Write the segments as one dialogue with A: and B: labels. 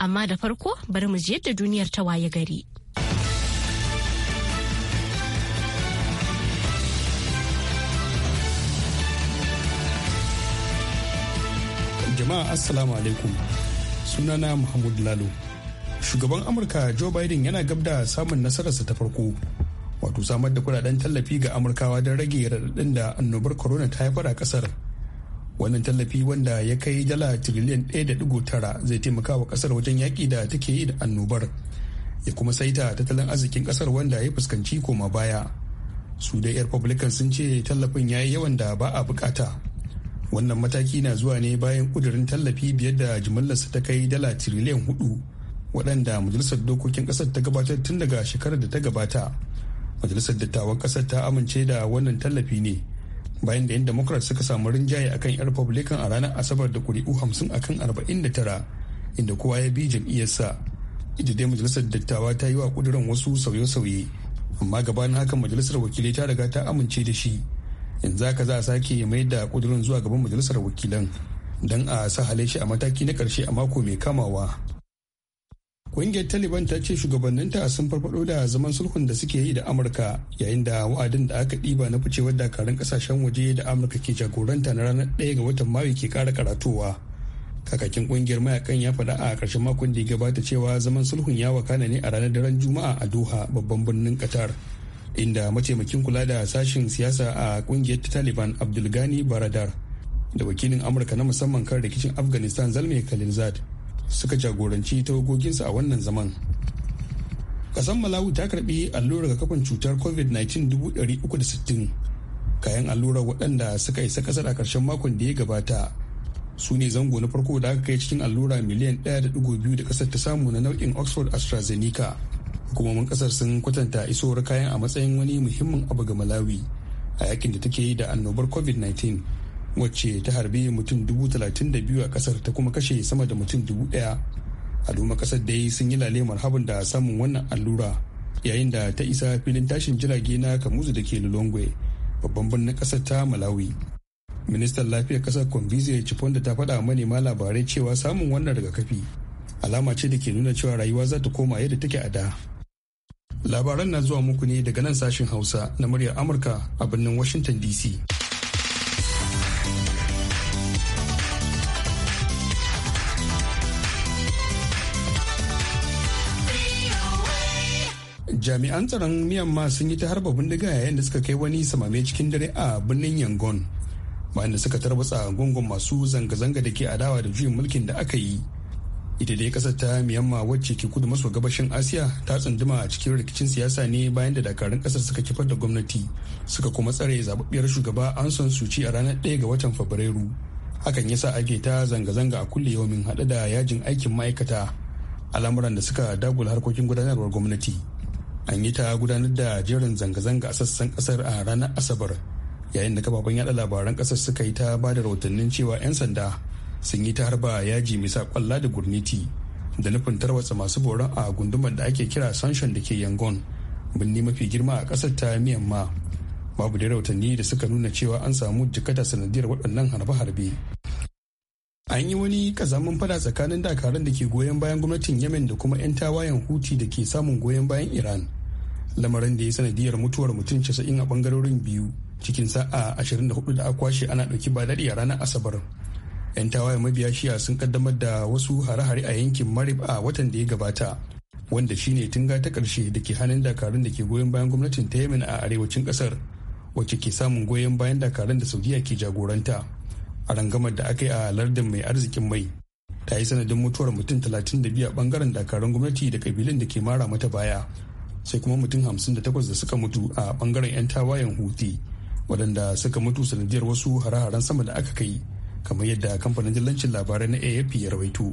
A: amma da farko bari mu ji yadda duniyar ta waye gari.
B: Jama'a Assalamu alaikum sunana Muhammad Lalo. Shugaban Amurka Joe Biden yana gab da samun nasararsa ta farko. Wato samar da kudaden tallafi ga Amurkawa don rage raɗaɗin da annobar corona ta haifar a ƙasar. wannan tallafi wanda ya kai dala tiriliyan 1.9 zai taimaka wa kasar wajen yaƙi da take yi da annobar ya kuma saita tattalin arzikin kasar wanda ya fuskanci koma baya su da republican sun ce tallafin ya yi yawan da ba a bukata wannan mataki na zuwa ne bayan kudirin tallafi biyar da jimillarsa ta kai dala tiriliyan hudu waɗanda majalisar dokokin ƙasar ta gabatar tun daga shekarar da ta gabata majalisar dattawan ƙasar ta amince da wannan tallafi ne bayan da 'yan democrat suka samu rinjaye akan 'yan republican a ranar asabar da kuri'u hamsin akan arba'in da tara inda kowa ya bi jam'iyyarsa ita dai majalisar dattawa ta yi wa kuduran wasu sauye-sauye amma gabanin haka majalisar wakilai ta riga ta amince da shi yanzu haka za a sake mai da kudurin zuwa gaban majalisar wakilan don a sahale shi a mataki na karshe a mako mai kamawa kungiyar Taliban ta ce shugabanninta sun farfado da zaman sulhun da suke yi da Amurka yayin da wa'adin da aka ɗiba na ficewar dakarun kasashen waje da Amurka ke jagoranta na ranar ɗaya ga watan Mayu ke kara karatowa. Kakakin kungiyar mayakan ya faɗa a ƙarshen makon da ya gabata cewa zaman sulhun ya wakana ne a ranar daren Juma'a a Doha babban birnin Qatar. Inda mataimakin kula da sashen siyasa a ƙungiyar Taliban Abdulgani Baradar da wakilin Amurka na musamman kan rikicin Afghanistan Zalmay Khalilzad suka jagoranci tawagoginsu a wannan zaman kasan malawi ta karbi allurar kafan cutar covid-19 360 kayan allurar waɗanda suka isa ƙasar a ƙarshen makon da ya gabata su ne zango na farko da aka kai cikin allura miliyan 1.2 da ƙasar ta samu na nau'in oxford astrazeneca hukumomin ƙasar sun kwatanta isowar kayan a matsayin wani muhimmin abu ga malawi a yakin da take yi da annobar covid-19 wacce ta harbi mutum dubu talatin da biyu a kasar ta kuma kashe sama da mutum dubu daya duma kasar dai sun yi lalemar habin da samun wannan allura yayin da ta isa filin tashin jirage na kamuzu da ke lulongwe babban birnin kasar ta malawi ministan lafiyar kasar convizia da ta faɗa manema labarai cewa samun wannan rigakafi alama ce da ke nuna cewa rayuwa za ta koma yadda take a da labaran na zuwa muku ne daga nan sashen hausa na muryar amurka a birnin washington dc jami'an tsaron myanmar sun yi ta harba bindiga yayin da suka kai wani samame cikin dare a birnin yangon bayan da suka tarbatsa gungun masu zanga-zanga da ke adawa da juyin mulkin da aka yi ita dai kasar ta myanmar wacce ke kudu maso gabashin asiya ta tsunduma a cikin rikicin siyasa ne bayan da dakarun kasar suka kifar da gwamnati suka kuma tsare zababbiyar shugaba an son suci a ranar ɗaya ga watan fabrairu hakan ya sa ake ta zanga-zanga a kulle yaumin haɗe da yajin aikin ma'aikata al'amuran da suka dagula harkokin gudanarwar gwamnati an yi ta gudanar da jerin zanga-zanga a sassan kasar a ranar asabar yayin da kafafen yada labaran kasar suka yi ta ba da rahotannin cewa 'yan sanda sun yi ta harba yaji mai sa kwalla da gurniti da nufin tarwatsa masu boron a gundumar da ake kira sanshon da ke yangon birni mafi girma a kasar ta myanmar babu da rahotanni da suka nuna cewa an samu jikata sanadiyar waɗannan harbe-harbe an yi wani kazamin fada tsakanin dakarun da ke goyon bayan gwamnatin yemen da kuma 'yan tawayen huti da ke samun goyon bayan iran lamarin da ya sanadiyar mutuwar mutum casa'in a bangarorin biyu cikin sa'a 24 da kwashe ana ɗauki ba daɗi a ranar asabar yan tawaye mabiya shiya sun kaddamar da wasu hare-hare a yankin marib a watan da ya gabata wanda shine tunga ta ƙarshe da ke hannun dakarun da ke goyon bayan gwamnatin ta yemen a arewacin ƙasar wacce ke samun goyon bayan dakarun da saudiya ke jagoranta a rangamar da aka yi a lardin mai arzikin mai ta yi sanadin mutuwar mutum 32 a bangaren dakarun gwamnati da kabilun da ke mara mata baya sai kuma mutum hamsin da takwas da suka mutu a bangaren 'yan tawayen huti waɗanda suka mutu sanadiyar wasu hare-haren sama da aka kai kamar yadda kamfanin dillancin labarai na afp ya rawaito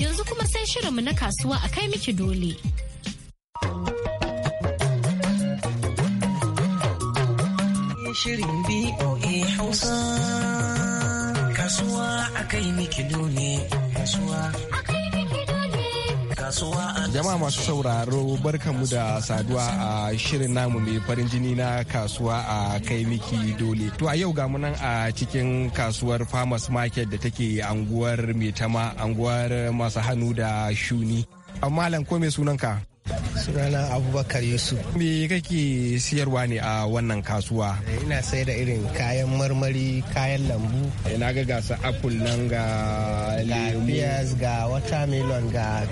A: yanzu kuma sai shirin mu na kasuwa a kai miki dole
C: shirin
D: BOA Hausa. Kasuwa a kai Kasuwa
E: Jama'a masu sauraro barkanmu da saduwa a shirin namu mai farin jini na kasuwa a kai miki dole. To a yau ga nan a cikin kasuwar farmers market da take anguwar mai tama anguwar masu hannu da shuni. Amma ko mai sunanka? sunana abubakar yusuf me kake siyarwa ne a wannan kasuwa
C: ina sai da irin kayan marmari kayan lambu
E: ina eh, ga gasa apple nan ga
C: lafiyas
E: ga watermelon ga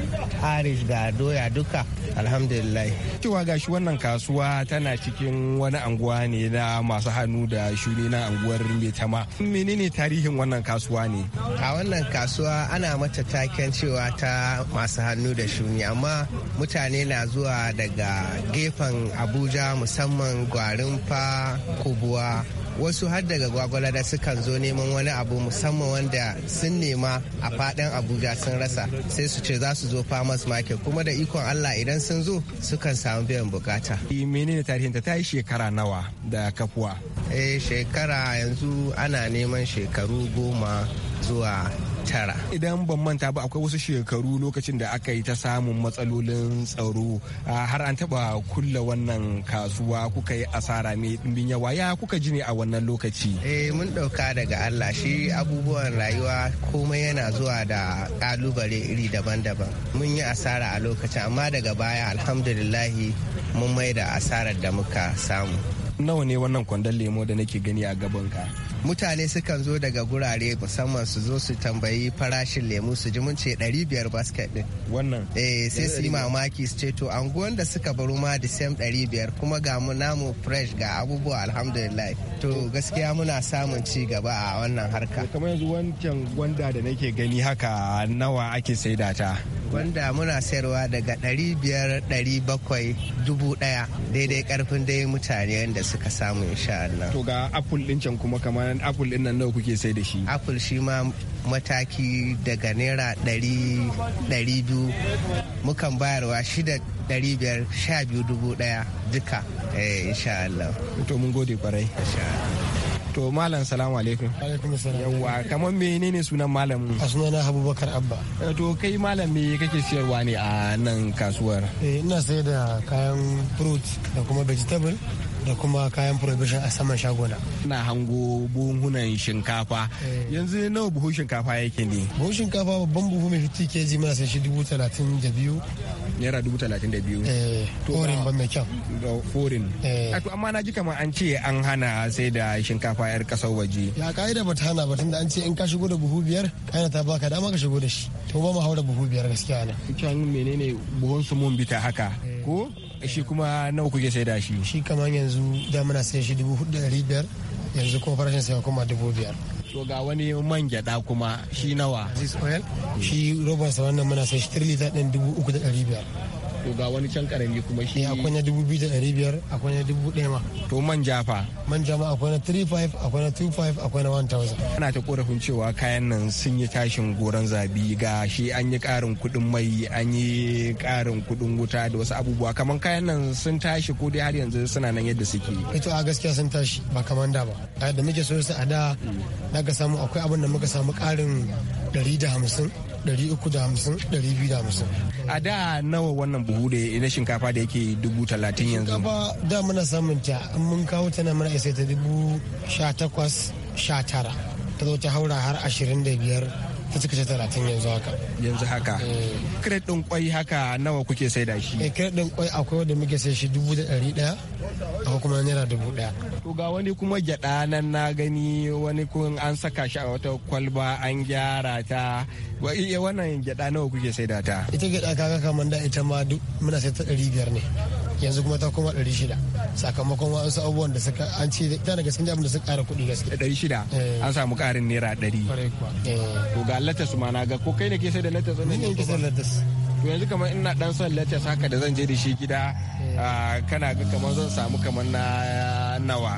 E: irish ga doya duka alhamdulillah cewa gashi wannan kasuwa tana cikin wani anguwa ne na masu hannu da shuni na anguwar metama menene tarihin wannan kasuwa ne a wannan kasuwa ana
C: mata taken cewa ta masu hannu da shuni amma mutane na zuwa zuwa daga gefen abuja musamman gwarinfa kubuwa wasu har daga gwagwala da sukan zo neman wani abu musamman wanda sun nema a fadin abuja sun rasa sai su ce za su zo farmers market kuma da ikon allah idan sun zo sukan samu biyan bukata eh, menene tarihinta ta yi shekara nawa
E: da kafuwa eh, shekara yanzu ana neman shekaru goma zuwa tara idan ban manta ba akwai wasu shekaru lokacin da aka yi ta samun matsalolin tsaro ah, har an taba kulle wannan kasuwa kuka yi asara mai dimbin yawa ya kuka ji ne a wannan lokaci eh mun ɗauka daga Allah shi abubuwan rayuwa komai yana zuwa da
C: ƙalubale iri daban-daban mun yi asara a lokacin amma daga baya alhamdulillahi
E: mun mai da asarar da muka samu nawa ne wannan kwandon lemo da nake gani a gabanka
C: mutane sukan zo daga gurare musamman su zo su tambayi farashin lemu su ji mun ce 500 basket din wannan eh sai su yi mamaki su ce to anguwan da suka baro ma da same 500 kuma ga mu namu fresh ga abubuwa alhamdulillah to gaskiya muna samun ci gaba a wannan harka kamar yanzu wancan gwanda da nake
E: gani haka nawa ake saida ta
C: wanda muna sayarwa daga 500,700,000 daidai karfin dai mutane da suka samu insha Allah. To ga apple din can kuma kamar apple din nan nawa kuke sai da shi? Apple shi ma mataki daga naira 200 mukan bayarwa shida biyar sha
E: biyu dubu daya duka eh, insha Allah. To mun gode kwarai. Insha Allah. to malam salamu alaikum alaikum salam Yawwa kamar menene sunan malam a sunana abubakar abba eh, to kai malam me kake siyarwa ne a nan kasuwar
F: eh ina sayar da kayan fruit da kuma vegetable da kuma kayan prohibition a saman shagona.
E: Na hango buhunan shinkafa. Eh. Yanzu nawa buhun shinkafa yake ne?
F: Buhun shinkafa babban buhu mai fiti ji mana sai shi dubu talatin da biyu.
E: Naira dubu talatin da biyu. Eh, Forin ba
F: mai kyau. Forin. Eh.
E: Ato amma na ji kamar an ce an hana sai da shinkafa yar kasar waje.
F: Ya ka'ida ba ta hana ba tunda an ce in ka shigo da buhu biyar kana ta baka dama ka shigo da shi. To ba mu haura buhu biyar gaskiya ne. Kyan menene buhun su mun bita haka. Ko? shi kuma nawa kuke sai da shi shi kamar yanzu da muna sai shi dubu hudu da biyar yanzu kuma farashin sai kuma dubu biyar
E: to ga wani man gyada kuma shi nawa
F: shi roba sa wannan muna sai shi tirlita ɗin dubu uku da ɗari biyar
E: to ga wani can karami kuma shi
F: eh, akwai na dubu biyu da ɗari biyar akwai na dubu ɗaya ma
E: to man jafa.
F: Man jafa akwai na 35
E: akwai na 25 akwai na 1000 ana ta korafin cewa kayan nan sun yi tashin goron zabi ga shi an yi ƙarin kuɗin mai an yi ƙarin kuɗin wuta da wasu abubuwa kamar kayan nan sun tashi ko dai har yanzu suna nan yadda suke
F: ito eh, a gaskiya sun tashi ba kamar da ba da muke so su a da hmm. ga samu akwai abin da muka samu ƙarin 150 350
E: a da nawa wannan buhu da na shinkafa da yake dubu talatin yanzu shinkafa
F: da muna samun ta mun kawo ta na mana isa ta dubu sha takwas sha tara ta zo ta haura har ashirin da biyar ta cika ta talatin yanzu
E: haka yanzu haka kiret eh. din kwai haka nawa kuke sai da shi
F: kiret eh, din kwai akwai wanda muke sai shi dubu da ɗari ɗaya akwai kuma naira dubu ɗaya to ga wani kuma gyaɗa nan
E: na gani wani kun an saka shi a wata kwalba an gyara ta wannan gyaɗa nawa kuke sai da ta
F: ita gyaɗa kaga kamar da ita ma muna sai ta ɗari biyar ne yanzu kuma ta koma ɗari shida sakamakon wasu abubuwan da suka an ce ta daga sun abin da suka ƙara kuɗi gaske
E: ɗari shida eh. an samu ƙarin naira ɗari to ga latas ma na ga ko kai ne ke sai da latas wannan ne yake latas to yanzu kamar ina dan son latas haka da zan je da shi gida eh. ah, kana ga kamar zan samu kamar na nawa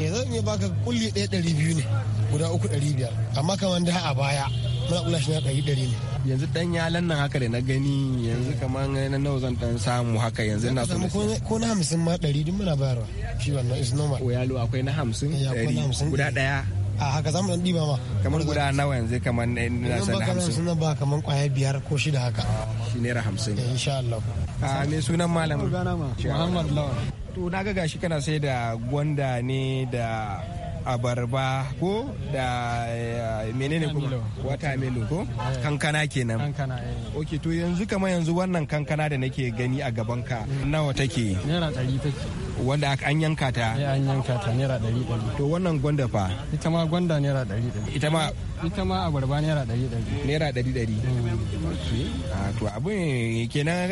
F: ya eh, zan iya baka kulli ɗaya ɗari biyu ne guda uku ɗari biyar amma kamar da a baya muna kula shi na ɗari ɗari ne
E: yanzu dan yalan nan haka da na gani yanzu kamar na nawa zan dan samu haka yanzu na so
F: ko na hamsin ma ɗari duk muna bayarwa shi wannan is normal o yalo akwai na hamsin eh, ɗari guda ɗaya a haka zamu dan diba ma kamar guda nawa yanzu kamar na sanin hamsin kamar sunan ba kamar kwaya biyar ko shida haka shi naira hamsin eh, insha Allah a me sunan malam
E: Muhammad Lawan to na ga gashi kana sai da gwanda ne da abarba ko da eh, menene kuma wata melo ko eh. kankana kenan
F: kankana eh.
E: Okay to yanzu kama yanzu wannan kankana da nake gani a gaban ka nawa take naira ɗari take wanda an yanka ta an yanka ta naira ɗari ɗari to wannan gwanda fa ita ma gwanda naira ɗari ɗari ita ma ita ma abarba naira ɗari ɗari naira ɗari ɗari mm. to abin kenan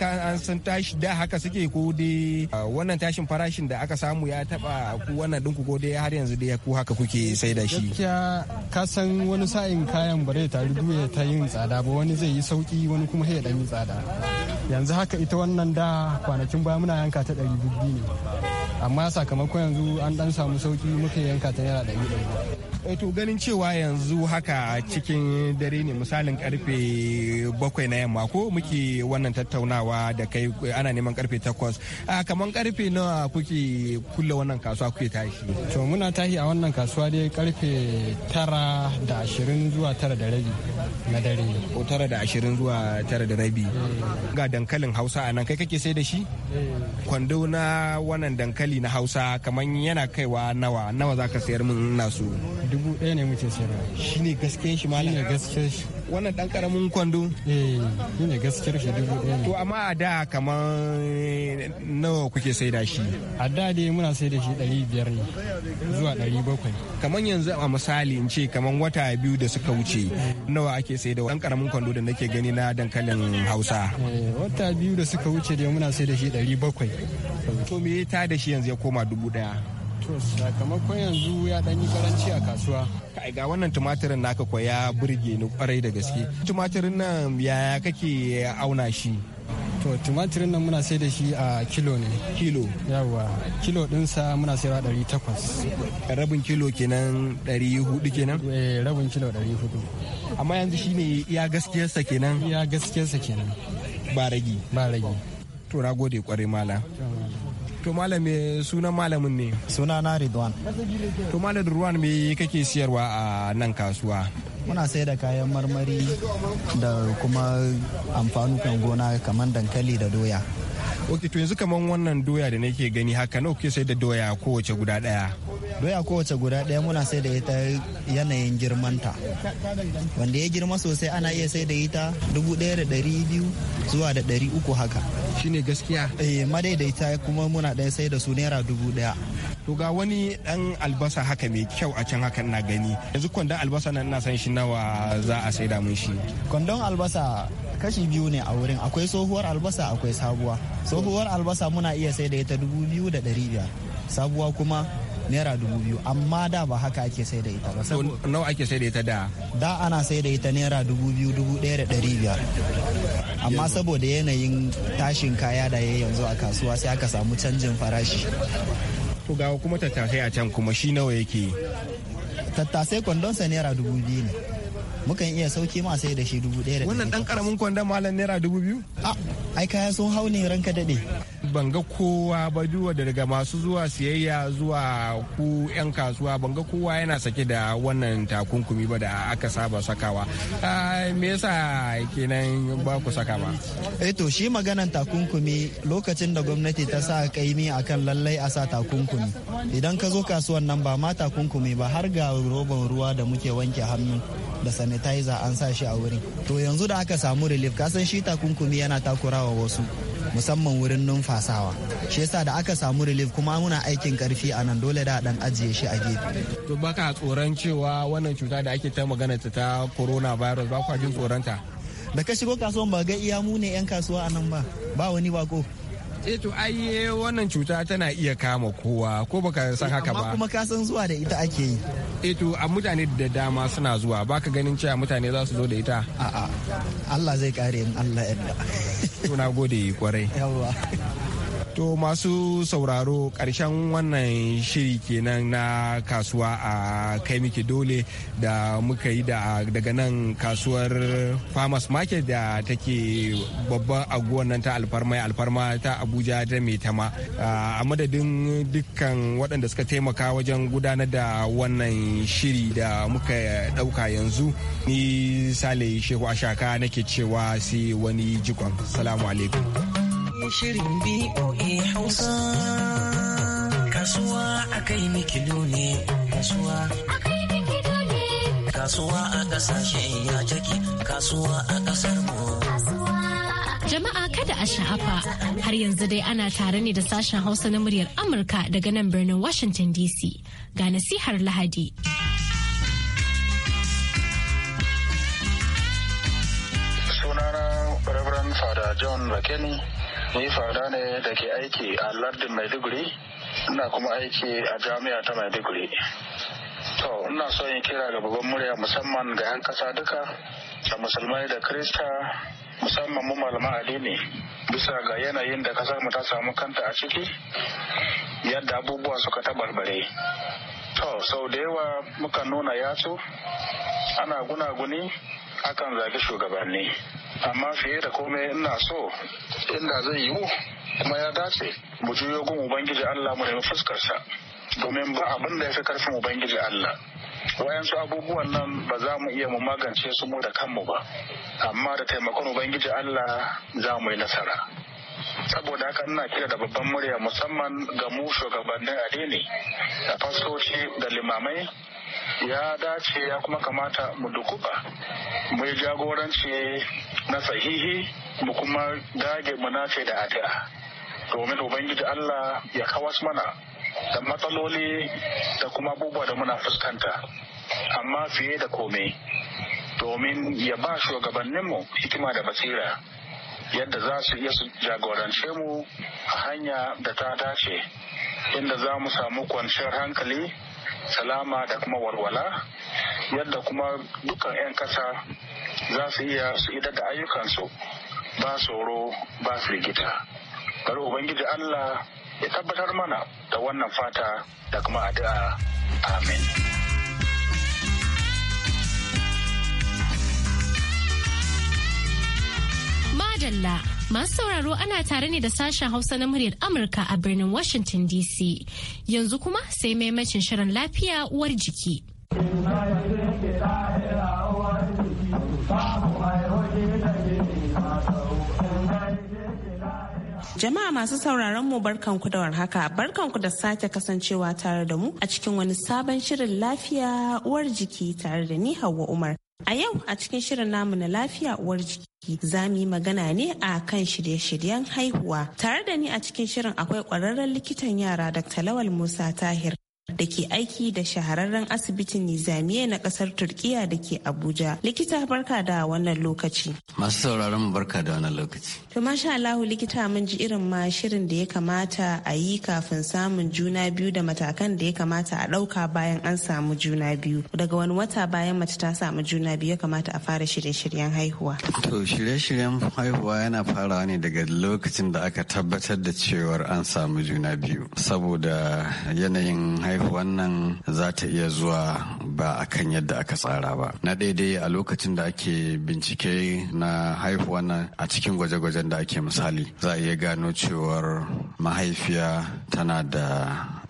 E: an san tashi da haka suke ko dai wannan tashin farashin da aka samu ya taba ku wannan dinku ko dai har yanzu dai ku haka kuke sai da shi gaskiya ka san wani sa'in kayan ba zai taru duya ta yin tsada ba wani zai yi sauki wani kuma ya dan yi tsada yanzu haka ita wannan da kwanakin
F: baya muna yanka ta ɗari biyu ne
E: amma sakamakon yanzu an dan samu sauki muka yanka ta naira
F: ɗari ɗari.
E: Eh, to ganin cewa yanzu haka cikin dare ne misalin karfe bakwai na yamma ko muke wannan tattaunawa da kai ana neman karfe takwas ah, kamar karfe nawa kuke kulle wannan kasuwa kuke tashi. to muna tashi a wannan kasuwa dai karfe tara da ashirin zuwa tara da rabi na dare. ko tara da ashirin zuwa tara da rabi. Eh. ga dankalin hausa a nan kai kake sai da shi. Eh. kwando na wannan dankali misali na hausa kamar yana kaiwa nawa nawa za ka sayar min nasu dubu ɗaya ne muke sayarwa shine gaskiyar shi malam gaskiyar shi wannan dan karamin kwando eh ne gaskiyar shi dubu ɗaya to amma a da kamar eh, nawa kuke sai da shi a da dai muna sai da shi ɗari biyar ne zuwa ɗari bakwai kamar yanzu a misali in ce kamar wata biyu da suka wuce nawa ake sai da dan karamin kwando da nake gani na dankalin hausa eh, wata biyu da suka wuce dai muna sai da shi ɗari bakwai to me ta da shi yanzu ya koma dubu ɗaya to sakamakon yanzu ya dan yi karanci a kasuwa kai ga wannan tumatirin naka ko ya burge ni kwarai da gaske tumatirin nan yaya kake auna shi to tumatirin nan muna sai da shi a kilo ne kilo yawa kilo dinsa muna sai ɗari takwas rabin kilo kenan ɗari hudu kenan eh rabin kilo ɗari hudu amma yanzu shi ya iya gaskiyarsa kenan iya gaskiyarsa kenan ba ragi ba ragi to na gode kwarai mala to malam sunan malamin ne suna na ridwan to malam ridwan me kake siyarwa a nan kasuwa
G: muna sai da kayan marmari da kuma amfanukan gona kamar dankali da doya
E: ok to yanzu kaman wannan doya da nake gani haka nawa kuke sai da doya kowace guda daya
G: doya kowace guda daya muna sai da ita yanayin girmanta wanda ya girma sosai ana iya sai da ita dubu daya da dari biyu zuwa da dari uku haka shine gaskiya eh
E: madaidaita kuma muna ɗaya sai da su naira dubu daya to ga wani dan albasa haka mai kyau a can hakan na gani yanzu kwandon albasa nan na san shi nawa za a saida mun shi
G: kwandon albasa kashi biyu ne a wurin akwai tsohuwar albasa akwai sabuwa sohuwar albasa muna iya saida ita dubu biyu da ɗari biyar sabuwa kuma naira dubu biyu amma da ba haka ake sai da ita ba
E: nawa ake sai da ita da
G: da ana sai da ita naira dubu biyu dubu ɗaya da ɗari biyar amma saboda yanayin tashin kaya da ya yanzu a kasuwa sai aka samu canjin farashi ku gawo kuma tattasai a can kuma shi nawa yake yi. tattasai kwandon sa naira dubu biyu ne mukan iya sauke ma sai da shi dubu ɗaya da wannan dan karamin kwandon malam naira dubu biyu ah, ai kaya sun hau ne ranka daɗe
E: ban ga kowa ba duwa daga masu zuwa siyayya zuwa ku 'yan kasuwa ban ga kowa yana sake da wannan takunkumi ba da aka saba sakawa ah, me yasa kenan ba ku saka ba
G: eh to shi maganan takunkumi lokacin da gwamnati ta sa kaimi akan lallai a sa takunkumi idan ka zo kasuwan nan ba ma takunkumi ba har ga roban ruwa da muke wanke hannu da sanitizer an sa shi a wurin to yanzu da aka samu relief kasan shi takunkumi yana takurawa wasu musamman wurin numfasawa shi yasa da aka samu relief kuma muna aikin karfi a nan dole da dan ajiye shi a gefe
E: to baka tsoron cewa wannan cuta da ake ta magana ta coronavirus ba kwa jin tsoronta
G: da ka shigo kasuwan ba ga iya mu ne yan kasuwa a nan ba ba wani bako
E: eh to ayye wannan cuta tana iya kama kowa ko baka san haka ba amma kuma ka san zuwa da ita ake yi eh a mutane da dama suna zuwa baka ganin cewa mutane za su zo da ita a'a
G: Allah zai kare in Allah yadda
E: to na gode kwarai To masu sauraro karshen wannan shiri kenan na kasuwa a kai miki dole da muka yi daga nan kasuwar farmers market da take babban aguwar nan ta alfarma alfarma ta abuja ta metama a madadin dukkan waɗanda suka taimaka wajen gudanar da wannan shiri da muka ɗauka yanzu ni sale shehu ashaka nake cewa sai wani jikon salamu alaikum
D: shirin Hausa. a kai
A: Jama'a kada a sha'afa har yanzu dai ana tare ne da sashen Hausa na muryar Amurka daga nan birnin Washington DC ga nasihar Lahadi.
H: Sunana Reverend Father John Bakeni ni fara ne da ke aiki a lardin maiduguri ina kuma aiki a jami'a ta maiduguri to ina so yin kira ga babban murya musamman ga 'yan kasa duka da musulmai da krista musamman mu malama addini bisa ga yanayin da kasar mu ta samu kanta a ciki yadda abubuwa suka tabarbare to sau da yawa muka nuna yatsu ana guna guni akan zagi shugabanni amma fiye da komai ina so inda zai yiwu kuma ya dace mu juyo gun ubangiji allah mu nemi fuskarsa domin ba abin da ya fi karfin ubangiji allah wayansu abubuwan nan ba za mu iya mu magance su mu da kanmu ba amma da taimakon ubangiji allah za mu yi nasara saboda haka ina kira da babban murya musamman ga mu shugabannin addini da fastoci da limamai ya dace ya kuma kamata mu dukuka mu yi jagoranci na sahihi mu kuma dage mu nace da addu'a domin ubangiji Allah ya kawas mana da matsaloli da kuma abubuwa da muna fuskanta amma fiye da komai domin ya ba shugabanninmu hikima da basira yadda za su iya su jagorance mu a hanya da ta dace inda za mu samu kwanciyar hankali salama da kuma walwala yadda kuma dukkan 'yan kasa za su iya su ida da ayyukansu ba tsoro ba firgita bari ubangiji allah ya tabbatar mana da wannan fata da kuma addu'a amin.
A: Madalla masu sauraro ana tare ne da sashen Hausa na muryar Amurka a birnin Washington DC. Yanzu kuma sai maimacin shirin lafiya uwar jiki.
D: Jama'a masu sauraron mu barkanku da warhaka barkanku da sake kasancewa tare da mu a cikin wani sabon shirin lafiya uwar jiki tare da ni Hauwa Umar. A yau a cikin shirin namu na lafiya uwar jiki za mu yi magana ne a kan shirye-shiryen haihuwa. Tare da ni a cikin shirin akwai kwararren likitan yara Dr. Lawal Musa Tahir da ke aiki da shahararren asibitin nizamiya na kasar turkiya da ke abuja likita barka da wannan lokaci
I: masu sauraron barka da wannan lokaci
D: to masha allahu likita mun ji irin ma shirin da ya kamata a yi kafin samun juna biyu da matakan da ya kamata a ɗauka bayan an samu juna biyu daga wani wata bayan mace ta samu juna biyu ya kamata a fara shirye-shiryen haihuwa
I: to shirye-shiryen haihuwa yana farawa ne daga lokacin da aka tabbatar da cewar an samu juna biyu saboda yanayin haihuwan nan za ta iya zuwa ba a kan yadda aka tsara ba na daidai a lokacin da ake bincike na haihuwan nan a cikin gwaje-gwajen da ake misali za a iya gano cewar mahaifiya tana da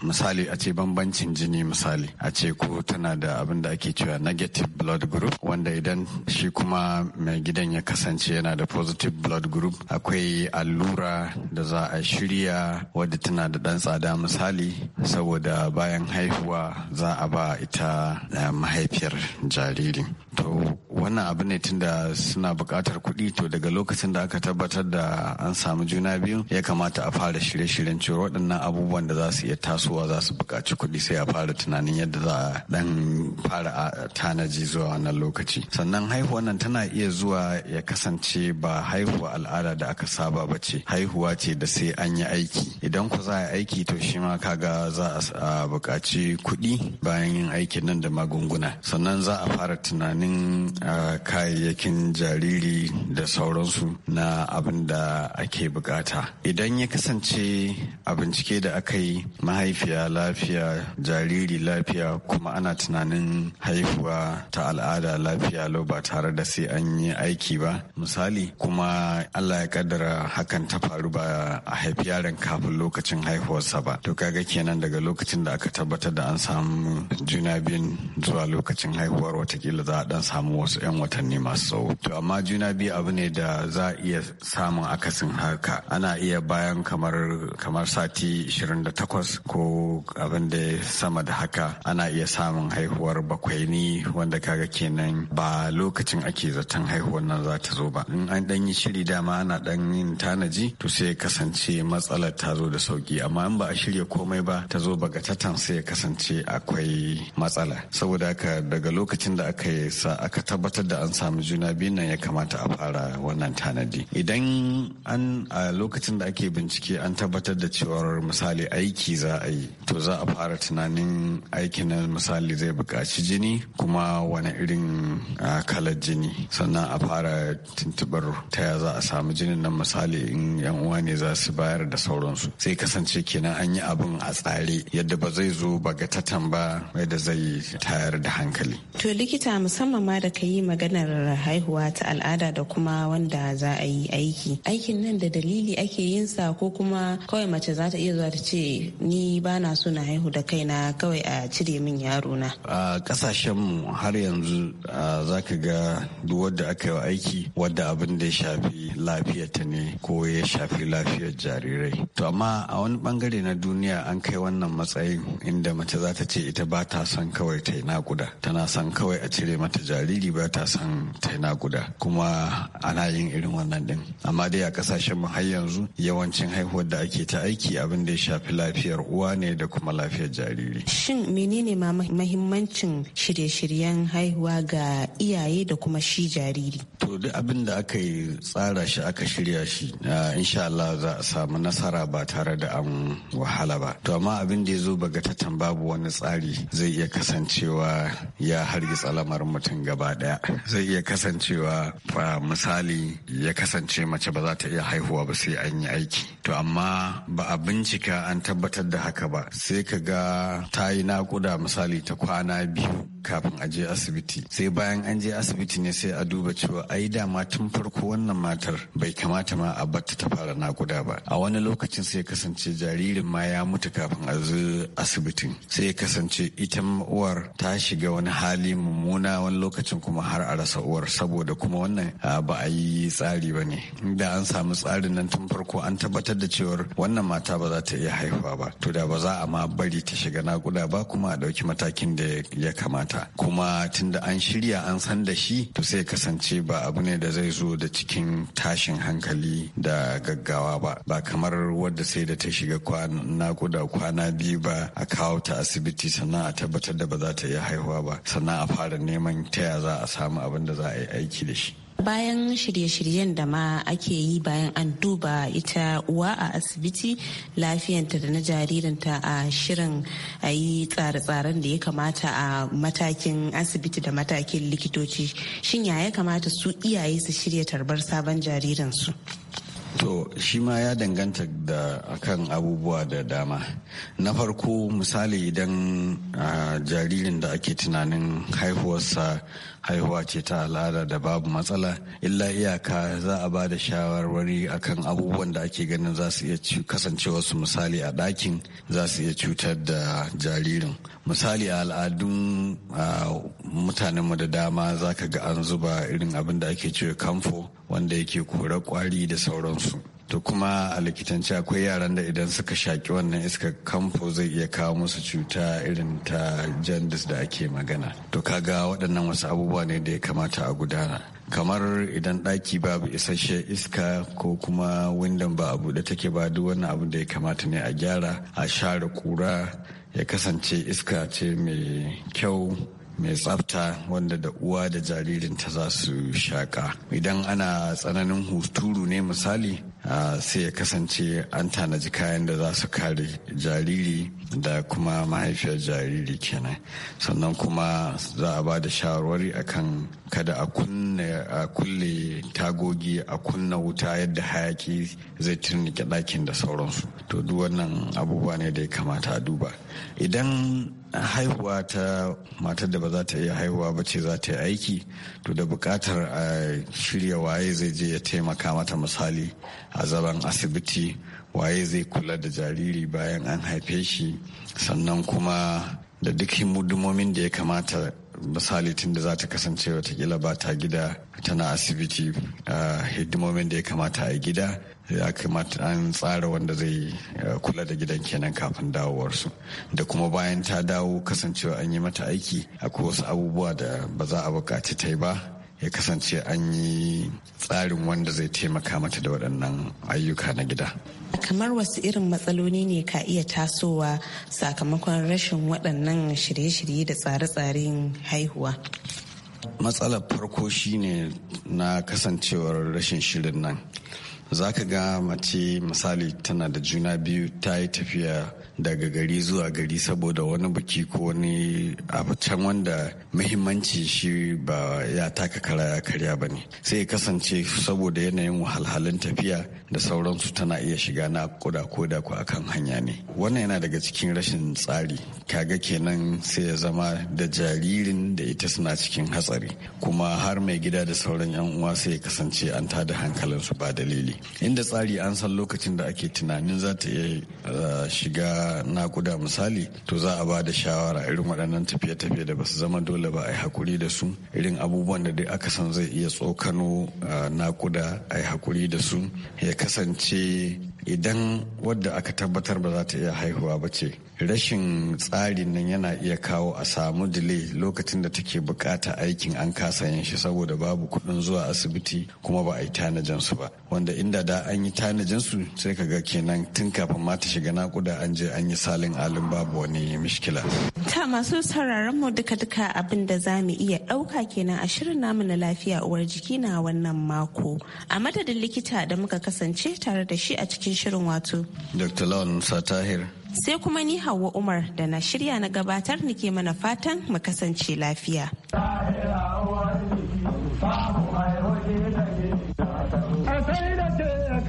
I: misali a ce bambancin jini misali a ce ko tana da abin da ake cewa negative blood group wanda idan shi kuma mai gidan ya kasance yana da positive blood group akwai allura da za a shirya wadda tana da dan tsada misali saboda bayan haihuwa za a ba ita eh, mahaifiyar jariri to wannan abu ne tunda suna buƙatar kuɗi to daga lokacin da aka tabbatar da an samu juna biyu ya kamata a fara shirye-shiryen ciro waɗannan abubuwan da za su iya taso fitowa za su buƙaci kuɗi sai a fara tunanin yadda za a dan fara a tanaji zuwa wannan lokaci sannan haihuwa nan tana iya zuwa ya kasance ba haihuwa al'ada da aka saba ba ce haihuwa ce da sai an yi aiki idan ku za a aiki to shi ma kaga za a buƙaci kuɗi bayan yin aikin nan da magunguna sannan za a fara tunanin kayayyakin jariri da sauransu na abin da ake bukata idan ya kasance a bincike da aka yi mahaifi mahaifiya lafiya jariri lafiya kuma ana tunanin haihuwa ta al'ada lafiya lau ba tare da sai an yi aiki ba misali kuma allah ya kaddara hakan ta faru ba a haifi yaron kafin lokacin haihuwarsa ba to kaga kenan daga lokacin da aka tabbatar da an samu juna biyun zuwa lokacin haihuwar watakila za a dan samu wasu 'yan watanni masu tsawo to amma juna biyu abu ne da za a iya samun akasin haka ana iya bayan kamar kamar sati 28 ko ko abin da sama da haka ana iya samun haihuwar bakwai ne wanda kaga kenan ba lokacin ake zaton haihuwar nan za ta zo ba in an dan yi shiri dama ana dan yin tanaji to sai ya kasance matsalar ta zo da sauki amma in ba a shirya komai ba ta zo ba gatatan sai ya kasance akwai matsala saboda haka daga lokacin da aka sa aka tabbatar da an samu juna biyun nan ya kamata a fara wannan tanadi idan an a lokacin da ake bincike an tabbatar da cewar misali aiki za a yi to za a fara tunanin aikin nan misali zai buƙaci jini kuma wani irin kalar jini sannan a fara tuntubar ta ya za a samu jinin nan misali in yan uwa ne za su bayar da sauransu sai kasance kenan an yi abin a tsare yadda ba zai zo ba tatan ba yadda zai tayar da hankali
D: to likita musamman ma da ka yi maganar haihuwa ta al'ada da kuma wanda za a yi aiki aikin nan da dalili ake yin sa ko kuma kawai mace za ta iya zuwa ta ce ni ba na so na haihu da kaina kawai a cire min yaro na
I: a kasashen mu har yanzu za ka ga duk wadda aka yi aiki wadda abin da ya shafi lafiyarta ne ko ya shafi lafiyar jarirai to amma a wani bangare na duniya an kai wannan matsayin inda mace za ta ce ita ba ta son kawai ta yi nakuda tana son kawai a cire mata jariri ba ta son ta yi nakuda kuma ana yin irin wannan din amma dai a kasashen mu har yanzu yawancin haihuwar da ake ta aiki abin da ya shafi lafiyar uwa ne da kuma lafiyar jariri.
D: Shin menene ma mahimmancin shirye-shiryen haihuwa ga iyaye da kuma shi jariri?
I: To duk abin da aka yi tsara shi aka shirya shi insha Allah za a samu nasara ba tare da an wahala ba. To amma abin da ya zo ba ga babu wani tsari zai iya kasancewa ya hargi tsalamar mutum gaba daya. Zai iya kasancewa misali ya kasance mace ba za ta iya haihuwa ba sai an yi aiki. To amma ba a bincika an tabbatar da haka haka ba sai ka ga ta yi naƙuda misali ta kwana biyu kafin a je asibiti sai bayan an je asibiti ne sai a duba cewa ai dama tun farko wannan matar bai kamata ma a bata ta fara nakuda ba a wani lokacin sai kasance jaririn ma ya mutu kafin a zo asibitin sai ya kasance ita uwar ta shiga wani hali mummuna wani lokacin kuma har a rasa uwar saboda kuma wannan ba a yi tsari ba ne da an samu tsarin nan tun farko an tabbatar da cewar wannan mata ba za ta iya haifa ba to da ba za a ma bari ta shiga nakuda ba kuma a ɗauki matakin da ya kamata mata kuma tunda an shirya an san da shi to sai kasance ba abu ne da zai zo da cikin tashin hankali da gaggawa ba ba kamar wadda sai da ta shiga nakuda kwana biyu ba a kawo ta asibiti sannan a tabbatar da ba za ta iya haihuwa ba sannan a fara neman ta ya za a samu abin da za a yi aiki da shi
D: bayan shirye-shiryen da ma ake yi bayan an duba ita uwa a asibiti lafiyanta da na jaririnta a shirin a yi tsare-tsaren da ya kamata a matakin asibiti da matakin likitoci shin ya kamata su iyaye su shirya tarbar sabon jaririnsu
I: To shi ma ya danganta da akan abubuwa da dama. Na farko misali idan ah, jaririn da ake tunanin haihuwarsa haihuwa ce ta al'ada da babu matsala illa iyaka za a ba da shawarwari akan abubuwan da ake ganin za su iya kasancewa su misali a ɗakin za su iya cutar da jaririn misali a al'adun mutanenmu da dama za ka ga an zuba irin abin da ake cewa kamfo wanda yake kore kwari da sauransu to kuma a likitanci akwai yaran da idan suka shaki wannan iska kamfo zai iya kawo musu cuta irin ta jandis da ake magana to kaga waɗannan wasu abubuwa ne da ya kamata a gudana kamar idan ɗaki babu isasshe iska ko kuma windon ba a buɗe take ba duk wani abu da ya kamata ne a gyara a share kura ya kasance iska ce mai kyau mai tsafta wanda da uwa da jaririnta za su shaƙa idan ana tsananin huturu ne misali sai ya kasance an tanaji kayan da za su kare jariri da kuma mahaifiyar jariri kenan sannan kuma za a ba da shawarwari akan kada a kulle tagogi a kunna wuta yadda hayaki zai turnike ɗakin da sauransu to duk wannan abubuwa ne da ya kamata a duba idan haihuwa ta matar da ba za ta iya haihuwa ba ce za ta yi aiki to da bukatar a shirya waye zai je ya taimaka mata misali a asibiti waye zai kula da jariri bayan an haife shi sannan kuma da duk himmudumomin da ya kamata misali tun da za ta kasance watakila ba ta gida tana asibiti a hidimomin da ya kamata a gida ya kamata an tsara wanda zai kula da gidan kenan kafin dawowarsu da kuma bayan ta dawo kasancewa an yi mata aiki akwai wasu abubuwa da ba za a bukaci ta yi ba ya kasance an yi tsarin wanda zai taimaka mata da waɗannan ayyuka na gida
D: kamar wasu irin matsaloli ne ka iya tasowa sakamakon rashin waɗannan shirye-shirye da tsare-tsaren haihuwa
I: matsalar farko shine na kasancewar rashin shirin nan za ka ga mace misali tana da juna biyu ta yi tafiya daga gari zuwa gari saboda wani biki ko wani abu can wanda muhimmanci shi ba ya taka kara ya karya ba ne sai ya kasance saboda yanayin wahalhalun tafiya da sauransu tana iya shiga na koda koda ko akan hanya ne wannan yana daga cikin rashin tsari kaga kenan sai ya zama da jaririn da ita suna cikin hatsari kuma har mai gida da sauran yan uwa sai ya kasance an tada hankalinsu ba dalili inda tsari an san lokacin da ake tunanin za ta iya eh, shiga nakuda misali to za a ba da shawara irin waɗannan tafiye-tafiye da ba su zama dole ba a yi hakuri da su irin abubuwan da dai aka san zai iya tsokano eh, nakuda a yi hakuri da su ya kasance idan wadda aka tabbatar ba za ta iya haihuwa ba ce rashin tsarin nan yana iya kawo a samu delay lokacin da take bukata aikin an kasa yin shi saboda babu kuɗin zuwa asibiti kuma ba a yi tanajansu ba wanda in inda da an yi tanajin su sai kaga kenan tun kafin ma ta shiga nakuda an je an yi salin alin babu wani mishkila.
D: Ta masu sauraron mu duka-duka abin da za mu iya ɗauka kenan a shirin namu na lafiya uwar jiki na wannan mako. A madadin likita da muka kasance tare da shi a cikin shirin wato.
I: Dr. Lawan Tahir.
D: Sai kuma ni Hauwa Umar da na shirya na gabatar nike mana fatan mu kasance lafiya.